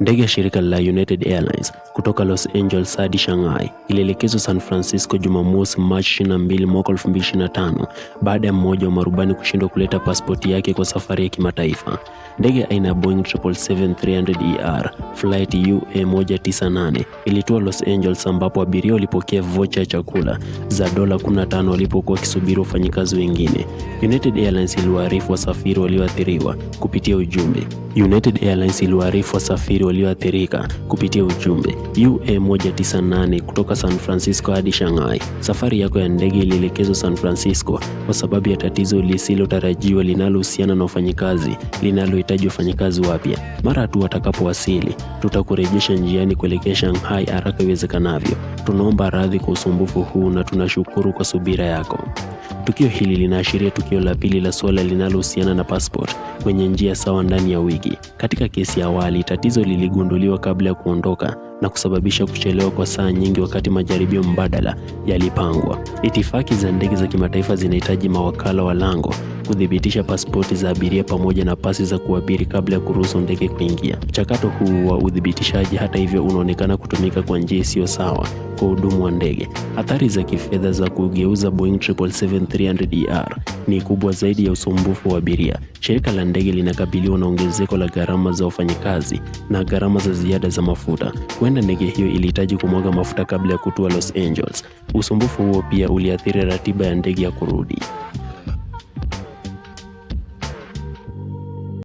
Ndege ya shirika la United Airlines kutoka Los Angeles hadi Shanghai ilielekezwa San Francisco Jumamosi, Machi 22 mwaka 2025 baada ya mmoja wa marubani kushindwa kuleta pasipoti yake kwa safari ya kimataifa. Ndege aina ya Boeing 777-300ER e flight UA198 ilitua Los Angeles, ambapo abiria walipokea vocha ya chakula za dola 15 walipokuwa wakisubiri wafanyikazi wengine. United Airlines iliwaarifu wasafiri walioathiriwa kupitia ujumbe. United Airlines iliwaarifu wasafiri walioathirika kupitia ujumbe UA198 kutoka San Francisco hadi Shanghai. Safari yako ya ndege ilielekezwa San Francisco kwa sababu ya tatizo lisilotarajiwa linalohusiana na wafanyikazi linalohitaji wafanyikazi wapya. Mara tu watakapowasili, tutakurejesha njiani kuelekea Shanghai haraka iwezekanavyo. Tunaomba radhi kwa usumbufu huu na tunashukuru kwa subira yako. Tukio hili linaashiria tukio la pili la suala linalohusiana na passport kwenye njia sawa ndani ya wiki. Katika kesi ya awali, tatizo liligunduliwa kabla ya kuondoka na kusababisha kuchelewa kwa saa nyingi wakati majaribio mbadala yalipangwa. Itifaki za ndege za kimataifa zinahitaji mawakala wa lango kuthibitisha pasipoti za abiria pamoja na pasi za kuabiri kabla ya kuruhusu ndege kuingia. Mchakato huu wa uthibitishaji, hata hivyo, unaonekana kutumika kwa njia isiyo sawa, kwa hudumu wa ndege. Athari za kifedha za kugeuza Boeing 777-300ER e ni kubwa zaidi ya usumbufu wa abiria. Shirika la ndege linakabiliwa na ongezeko la gharama za wafanyakazi na gharama za ziada za mafuta. Huenda ndege hiyo ilihitaji kumwaga mafuta kabla ya kutua Los Angeles. Usumbufu huo pia uliathiri ratiba ya ndege ya kurudi.